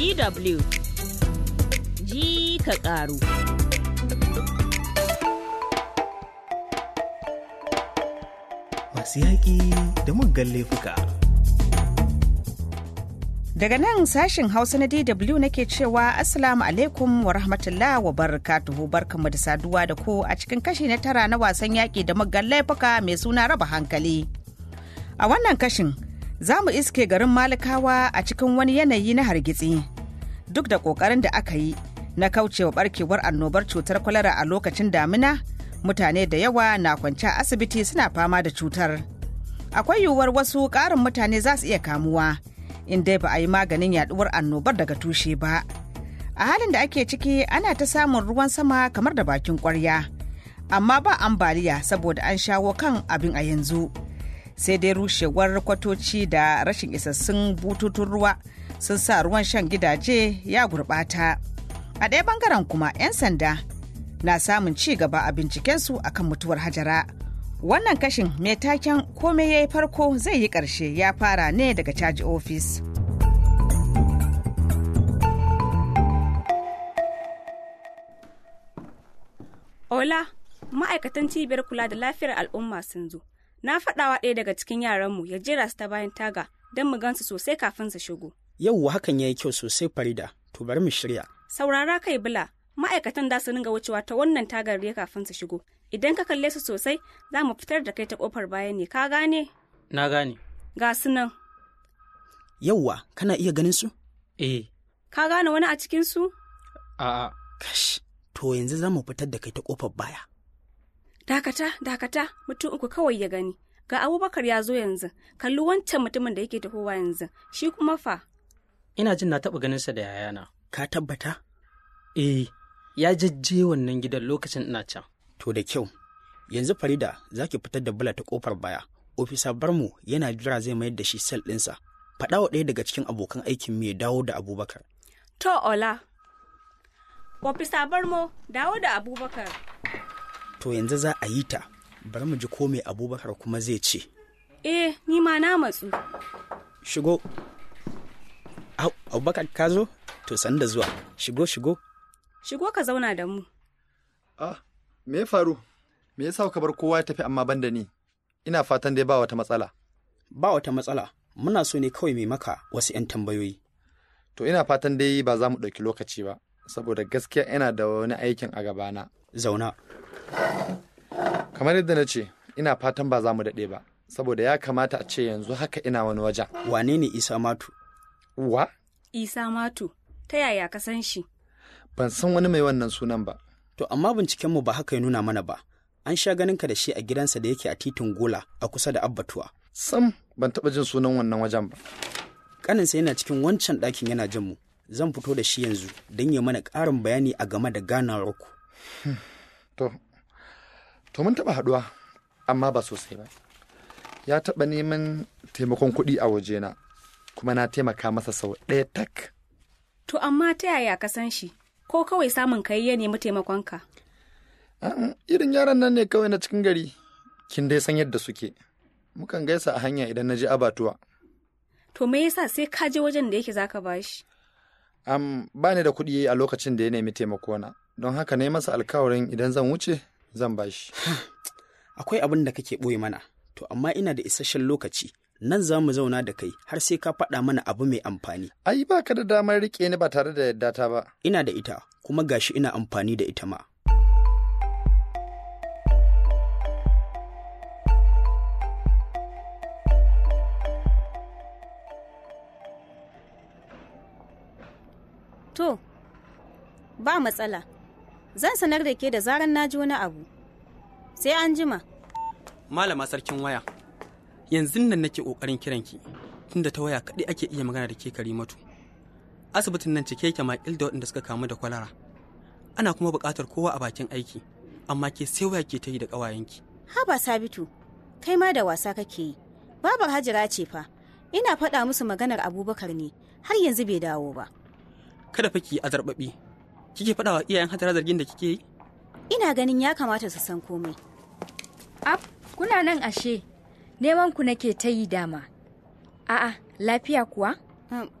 DW ji ka ƙaru. Masu yaƙi da muggan laifuka. Daga nan sashin Hausa na DW nake cewa Assalamu alaikum wa rahmatullah wa barakatuhu barkanmu da saduwa da ko" a cikin kashi na tara na wasan yaƙi da muggan laifuka mai suna raba hankali. A wannan kashin za mu iske garin malikawa a cikin wani yanayi na hargitsi duk da ƙoƙarin da aka yi na kaucewa barkewar annobar cutar kwalara a lokacin damina mutane da yawa na kwance a asibiti suna fama da cutar akwai yiwuwar wasu ƙarin mutane za su iya kamuwa in dai ba a yi maganin yaduwar annobar daga tushe ba a halin da ake ciki ana ta samun ruwan sama kamar da bakin kwarya amma ba ambaliya saboda an shawo kan abin a yanzu. sai dai rushewar kwatoci da rashin isassun bututun ruwa sun sa ruwan shan gidaje ya gurɓata a ɗaya bangaren kuma 'yan sanda na samun ci gaba a bincikensu akan mutuwar hajara wannan kashin mai taken komai ya yi farko zai yi ƙarshe ya fara ne daga caji ofis ola ma'aikatan cibiyar kula da lafiyar al'umma sun zo Na faɗawa ɗaya daga cikin yaranmu ya jera su ta bayan taga don mu gansu sosai kafin su shigo. Yau hakan ya yi kyau sosai Farida, to bari mu shirya. Saurara kai bula, ma'aikatan za su ringa wucewa ta wannan tagar ne kafin su shigo. Idan ka kalle su sosai, za mu fitar da kai ta kofar baya ne, ka gane? Na gane. Ga su nan. Yauwa, kana iya ganin su? Eh. Ka gane wani a cikin su? A'a. Kash, to yanzu za mu fitar da kai ta kofar baya. dakata dakata mutum uku kawai ya gani ga abubakar ya zo yanzu kalli wancan mutumin da yake tafowa yanzu shi kuma fa ina jin na taɓa sa da yayana ka tabbata eh ya jajje wannan gidan lokacin ina can to da kyau yanzu farida za ki fitar da bula ta kofar baya ofisa barmu yana jira zai mayar da shi sel ɗinsa faɗa wa ɗaya daga cikin abokan aikin mu ya dawo da abubakar to ola ofisa dawo da abubakar to yanzu za a yi ta bari mu ji ko mai abubakar kuma zai ce eh ni ma na matsu shigo abubakar ka zo to sanda zuwa shigo shigo shigo ka zauna da mu ah me ya faru me yasa ka bar kowa ya tafi amma banda ni ina fatan dai ba wata matsala ba wata matsala muna so ne kawai mai maka wasu 'yan tambayoyi to ina fatan dai ba za mu ɗauki lokaci ba saboda gaskiya yana da wani aikin a gabana zauna kamar yadda na ce ina fatan ba za mu daɗe ba saboda ya kamata a ce yanzu haka ina wani wajen wane ne isa matu wa isa matu ta yaya ka san shi ban san wani mai wannan sunan ba to amma binciken mu ba haka ya nuna mana ba an sha ganin ka da shi a gidansa da yake a titin gola a kusa da abbatuwa sam ban taɓa jin sunan wannan wajen ba kaninsa yana cikin wancan ɗakin yana jin mu zan fito da shi yanzu don ya mana ƙarin bayani a game da gana roku hmm. to to mun taɓa haɗuwa amma ba sosai ba ya taɓa neman taimakon kuɗi a wajena kuma na taimaka masa sau ɗaya tak to amma ta yaya ka san shi ko kawai samun kai ya nemi taimakonka irin yaran nan ne kawai na cikin gari kin dai san yadda suke mukan gaisa a hanya idan na je abatuwa to me yasa sai ka je wajen da yake zaka bashi am ba ni da kuɗi a lokacin da ya nemi taimakona. don haka ne masa alkawarin idan zan wuce zan bashi. Akwai abin da kake ɓoye mana, to amma ina da isasshen lokaci, nan za mu zauna da kai har sai ka faɗa mana abu mai amfani. Ai ba ka da damar riƙe ni ba tare da yadda ta ba. Ina da ita, kuma gashi ina amfani da ita ma. To, ba matsala. Zan sanar da ke da zaran na ji wani abu. Sai an jima. Malama sarkin waya, yanzu nan nake ƙoƙarin kiranki, tunda ta waya kaɗai ake iya magana da ke Karimatu. Asibitin nan cike yake makil da waɗanda suka kamu da kwalara. Ana kuma buƙatar kowa a bakin aiki, amma ke sai waya ke ta yi da ƙawayenki. Haba Sabitu, kai ma da wasa kake yi. Babar Hajira ce fa, ina faɗa musu maganar Abubakar ne, har yanzu bai dawo ba. Kada fa ki azarbaɓi Kike faɗa wa iyayen hatara zargin da kike yi? Ina ganin ya kamata su san komai. Ab, kuna nan ashe, neman ku nake ta yi dama. A'a, lafiya kuwa?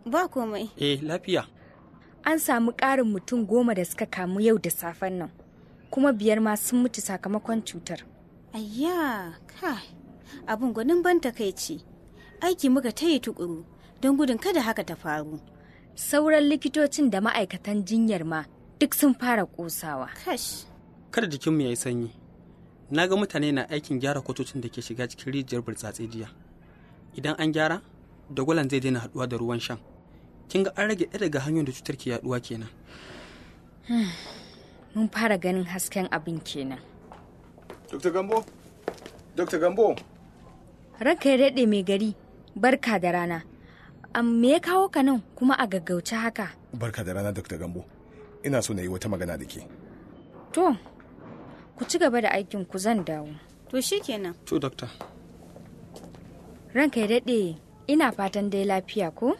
Ba komai. Eh, lafiya. An samu ƙarin mutum goma da suka kamu yau da safen nan, kuma biyar ma sun mutu sakamakon cutar. Ayya, kai, abin gwanin ban takaici. Aiki muka ta yi tukuru don gudun kada haka ta faru. Sauran likitocin da ma'aikatan jinyar ma duk sun fara kosawa. Kash. Kada jikinmu ya yi sanyi. Na ga mutane na aikin gyara kwatocin da ke shiga cikin rijiyar burtsatse jiya. Idan an gyara, dagwalan zai daina haɗuwa da ruwan shan. Kin ga an rage ɗaya daga hanyoyin da cutar ke yaduwa kenan. Mun fara ganin hasken abin kenan. Dr. Gambo? Dr. Gambo? Ranka ya daɗe mai gari, barka da rana. me ya kawo ka nan kuma a gaggauce haka? Barka da rana, Dr. Gambo. ina so na yi wata magana da ke to ku ci gaba da aikin ku zan dawo to shi kenan. to dokta. ranka ya daɗe ina fatan dai lafiya ko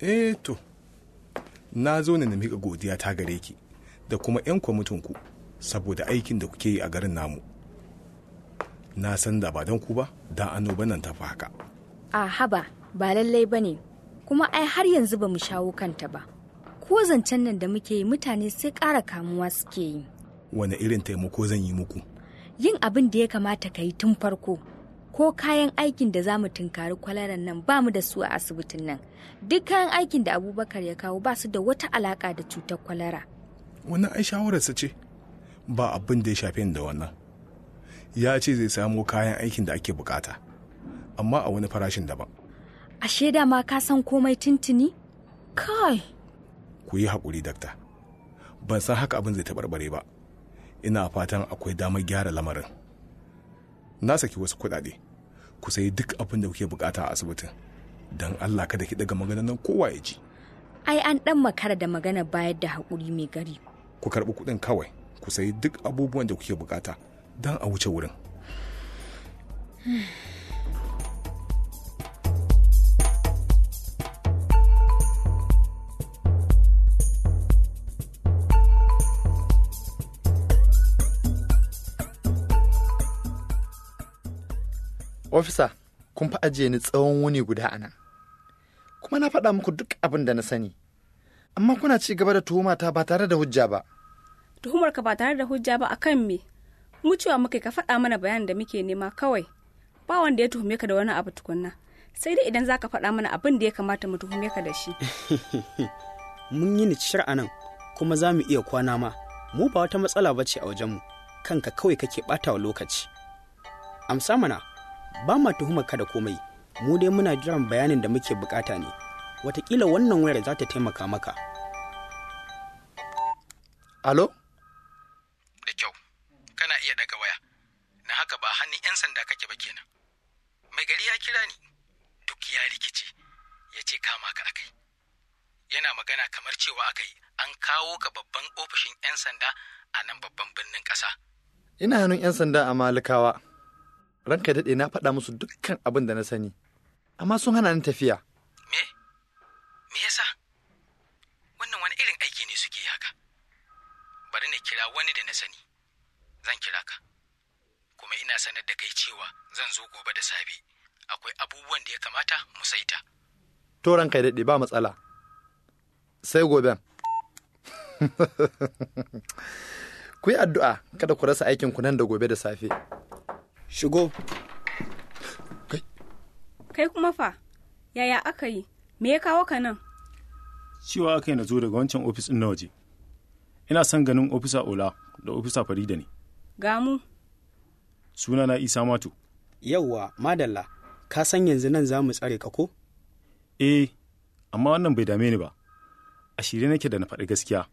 eh to na zo ne na mika godiya ta gare ki da kuma 'yan kwamitinku saboda aikin da kuke yi a garin namu na san da ba don ku ba da annoban nan ta haka a haba ba lallai ba ne kuma ai har yanzu ba mu shawo kanta ba ko zancen nan da muke yi mutane sai ƙara kamuwa suke yi wani irin taimako zan yi muku yin abin da ya kamata ka yi tun farko ko kayan aikin da za mu tunkari kwalaran nan ba mu da su a asibitin nan duk kayan aikin da abubakar ya kawo ba su da wata alaka da cutar kwalara wannan ai shawararsa ce ba abin da ya shafe ni da wannan ya ce zai samo kayan aikin da ake bukata amma a wani farashin daban ashe dama ka san komai Tintini? kai ku yi haƙuri dakta ban san haka abin zai taɓarɓare ba ina fatan akwai damar gyara lamarin na saki wasu kuɗaɗe ku sayi duk abin da kuke bukata a asibitin don allah kada ki daga magana nan kowa ya ji ai an ɗan makara da magana bayar da haƙuri mai gari ku karɓi kuɗin kawai ku sayi duk abubuwan da kuke bukata don a wuce wurin ofisa kun fi ajiye ni tsawon wuni guda a nan kuma na faɗa muku duk abin da na sani amma kuna ci gaba da tuhumata ba tare da hujja ba tuhumar ka ba tare da hujja ba akan me mu cewa muka ka faɗa mana bayanin da muke nema kawai ba wanda ya tuhume ka da wani abu tukunna sai dai idan zaka faɗa mana abin da ya kamata mu tuhume ka da shi mun yi ni a nan kuma za mu iya kwana ma mu ba wata matsala ba ce a wajenmu kanka kawai kake ɓata wa lokaci amsa mana ba ma tuhumar ka da komai mu dai muna jiran bayanin da muke bukata ne watakila wannan wayar za ta taimaka maka alo da kyau kana iya daga waya na haka ba hannun 'yan sanda kake ba kenan mai gari ya kira ni duk ya rikice ya ce kama ka akai yana magana kamar cewa akai an kawo ka babban ofishin 'yan sanda a nan babban birnin ƙasa ina hannun 'yan sanda a malikawa ranka daɗe na faɗa musu dukkan abin da na sani amma sun hana ni tafiya me me yasa wannan wani irin aiki ne suke haka bari na kira wani da na sani zan kira ka kuma ina sanar da kai cewa zan zo gobe da safe akwai abubuwan da ya kamata mu saita to ranka daɗe ba matsala sai gobe. ku yi addu'a kada ku rasa aikinku nan da gobe da safe Shigo. Kai. Kai kuma fa, yaya aka yi? Me ya kawo ka nan? Cewa aka yi na zo daga wancan ofis ɗin na waje. Ina son ganin ofisa Ola da ofisa Farida ne. Gamu. Suna na Isa Mato. Yawwa, madalla, ka san yanzu nan za mu tsare ka ko? Eh, amma wannan bai dame ni ba. A shirye nake da na faɗi gaskiya.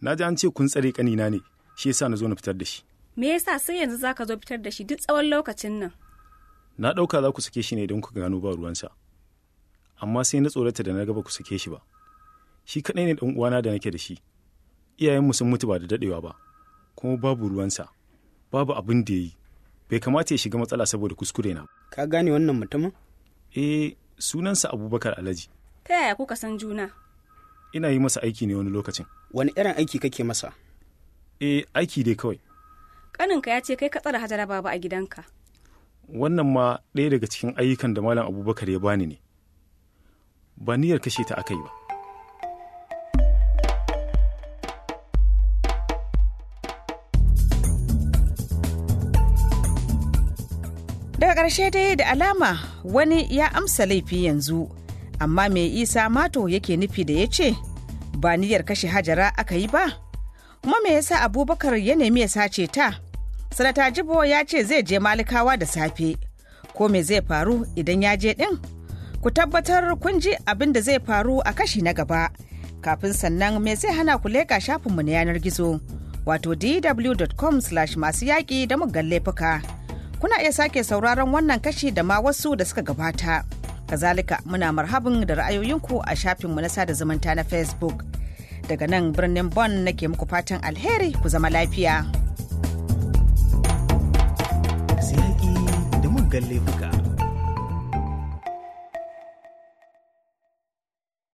Na ji an ce kun tsare ƙanina ne, shi yasa na zo na fitar da shi. me yasa sai yanzu zaka zo fitar da shi duk tsawon lokacin nan na ɗauka za ku sake shi ne don ku gano ba ruwansa amma sai na tsorata da na gaba ku sake shi ba shi kaɗai ne ɗan uwana da nake da shi iyayenmu sun mutu ba da daɗewa ba kuma babu ruwansa babu abin da ya yi bai kamata ya shiga matsala saboda kuskure na ka gane wannan mutumin eh sunansa abubakar alhaji ta yaya kuka san juna ina yi masa aiki ne wani lokacin wani irin aiki kake masa eh aiki dai kawai Ƙaninka ya ce kai ka tsara hajara baba a gidanka wannan ma ɗaya daga cikin ayyukan da malam abubakar ya bani ne ba niyyar kashe ta aka yi ba daga ƙarshe dai da alama wani ya amsa laifi yanzu amma mai isa mato yake nufi da ya ce ba niyyar kashe hajara aka yi ba kuma me yasa abubakar ya nemi ya sace ta sanata jibo ya ce zai je malikawa da safe ko me zai faru idan ya je din ku tabbatar kun ji abin da zai faru a kashi na gaba kafin sannan me zai hana ku leƙa shafinmu na yanar gizo wato dw.com masu yaƙi da muggan laifuka kuna iya sake sauraron wannan kashi da ma wasu da suka gabata kazalika muna marhabin da ra'ayoyinku a shafinmu na sada zumunta na facebook daga nan birnin Bon nake muku fatan alheri ku zama lafiya. Sai da muggan laifuka.